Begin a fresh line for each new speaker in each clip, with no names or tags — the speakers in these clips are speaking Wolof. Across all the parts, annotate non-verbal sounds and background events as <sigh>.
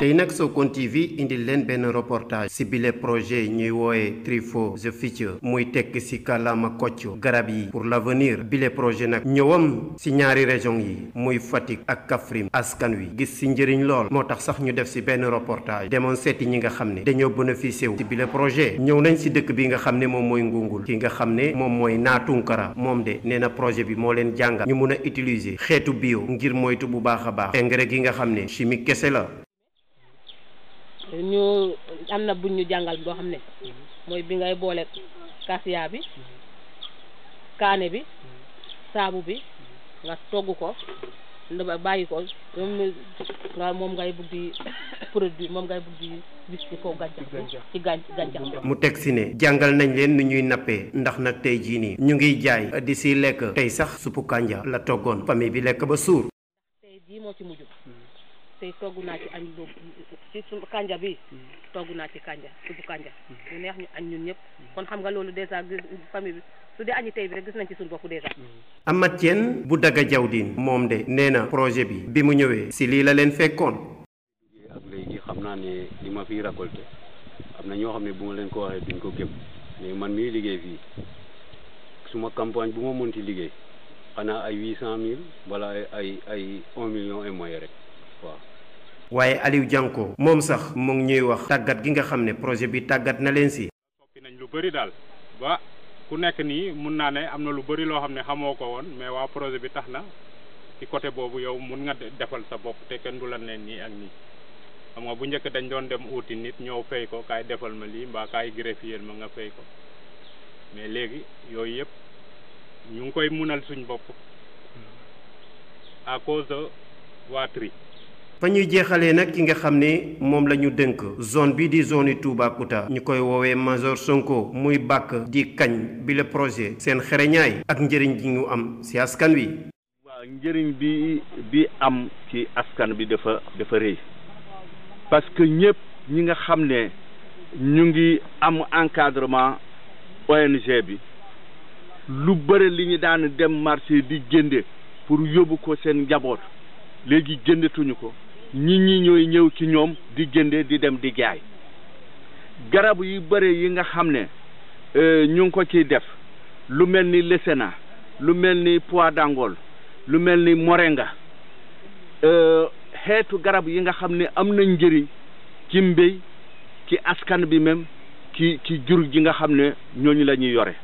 tey nag Sokone TV indil leen benn reportage si bile projet ñuy woowe trifo for the Future muy tekk si kàllaama kocc garab yi pour l'avenir bile projet nag ñëwam si ñaari région yi muy fatik ak kafrim askan wi gis si njëriñ lool moo tax sax ñu def si benn reportage demoon seeti ñi nga xam ne dañoo bénéficié wu si bile projet ñëw nañ si dëkk bi nga xam ne moom mooy Ngungul ki nga xam ne moom mooy Naatunkara moom de nee na projet bi moo leen jàngal ñu mun a utiliser xeetu bio ngir moytu bu baax a baax engrais gi nga xam ne chimique kese la
ñu am na buñ ñu jàngal boo xam ne mooy bi ngay boole kasiya bi kaane bi saabu bi nga togg ko nga bàyyi ko nga moom ngay bugg di <coughs> moom ngay bugg di ci kaw gàncax mu teg si
ne jàngal nañ leen nu ñuy nappee ndax nag tey jii nii ñu ngi jaay di si lekk tey sax suppu kànja la toggoon famille bi lekk ba suur
tey jii moo ci mujj hmm. tey togg naa ci añ bu ci suñu kanja bi togg naa ci kanja subu kanja ñu mm. neex ñu añ ñun ñëpp kon xam nga loolu dèjà famille bi su dee añi tey bi rek gis nañ ci suñu bopp dèjà mm.
Amath Dieng bu Daga Jawdin moom de nee na projet bi bi mu ñëwee si lii la leen fekkoon ak léegi xam naa ne li ma fi récolté am na ñoo xam ne bu ma leen ko waxee duñ ko gëm mais man mii liggéey fii suma campagne bu ma mën ci liggéey xanaa ay huit cent mille wala ay ay un million et rek waaye Aliou Dianko moom sax mu ngi ñuy wax tàggat gi nga xam ne projet bi tàggat na leen si. soppi nañ lu bëri
daal ba ku nekk nii mun naa ne am na lu bëri loo xam ne xamoo ko woon mais waa projet bi tax na ci côté boobu yow mun nga defal sa bopp te kenn du la ne nii ak nii. xam nga bu njëkk dañ doon dem uuti nit ñëw fay ko kaay defal ma lii mbaa kaay greffier ma nga fay ko mais léegi yooyu yëpp ñu ngi koy munal suñ bopp hmm.
à cause de waa fa ñuy jeexalee nag ki nga xam ne moom la ñu dënk zone bi di zone yi Toubacouta ñu koy woowee Major Sonko muy bàkk di kañ bi le projet seen xereñaay ak njëriñ gi ñu am ci askan wi.
waa njëriñ bi bi am ci askan bi dafa dafa rëy parce que ñëpp ñi nga xam ne ñu ngi am encadrement ONG bi lu bëri li ñu daan dem marché di jënde pour yóbbu ko seen njaboot léegi jëndatuñu ko. nit ñi ñooy ñëw ci ñoom di jënde di dem di jaay garab yu bëre yi nga xam ne euh, ñu ngi ko ciy def lu mel ni lesena lu mel ni pois d'Angole lu mel ni moringa euh, xeetu garab yi nga xam ne am na njëriñ ci mbéy ci askan bi même ci ci jur ji nga xam ne ñooñu la ñuy yore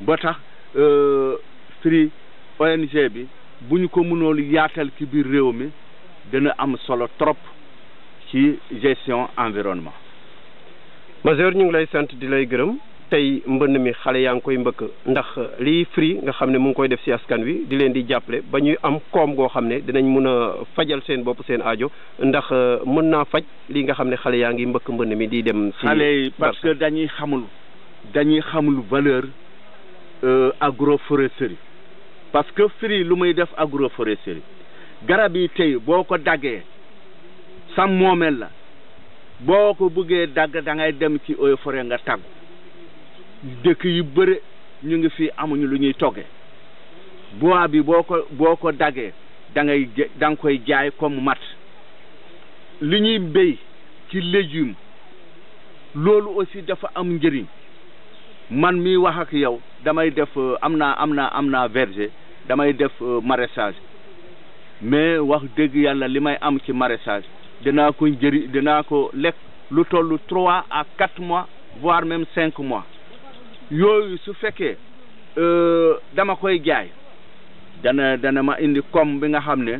ba tax euh, Free ONG bi bu ko mënool yaatal ci biir réew mi dina am solo trop
ci gestion environnement. majeur ñu ngi lay sant di lay gërëm tey mbënn mi xale yaa ngi koy mbëkk ndax eh, lii Free nga xam ne mu ngi koy def ci askan wi di leen di jàppale ba ñuy am koom goo xam ne dinañ mun a fajal seen bopp seen aajo ndax eh, mën naa faj lii nga xam ne xale yaa ngi mbëkk mbënn mi di dem. ci xale yi parce que dañuy xamul
dañuy xamul valeur eh, agroforesterie parce que Free lu muy def agroforesterie. garab yi tey boo ko daggee sa moomeel la boo ko bëggee dagg dangay dem ci eaux et forêts nga tagg dëkk yu bëre ñu ngi fii amuñu lu ñuy toggee bois bi boo ko boo ko daggee da ngay koy jaay comme mat li ñuy béy ci légume loolu aussi dafa am njëriñ man mi waxak ak yow damay def am naa am na am naa verger damay def euh, maraîchage mais wax dëgg yàlla li may am ci maraîchage dinaa ko njëri dinaa ko lekk lu toll trois à quatre mois voir même cinq mois yooyu su fekkee euh, dama koy jaay dana dana ma indi koom bi nga xam ne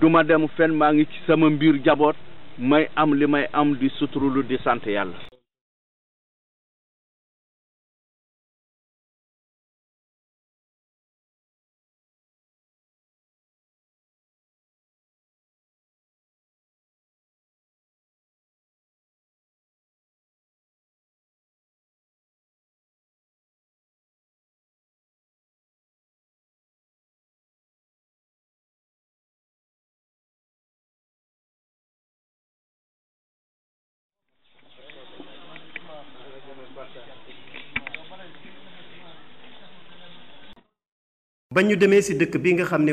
duma dem fen maa ngi ci sama mbir jaboot may am li may am di suturlu di sant yàlla
ba ñu demee si dëkk bi nga xam ne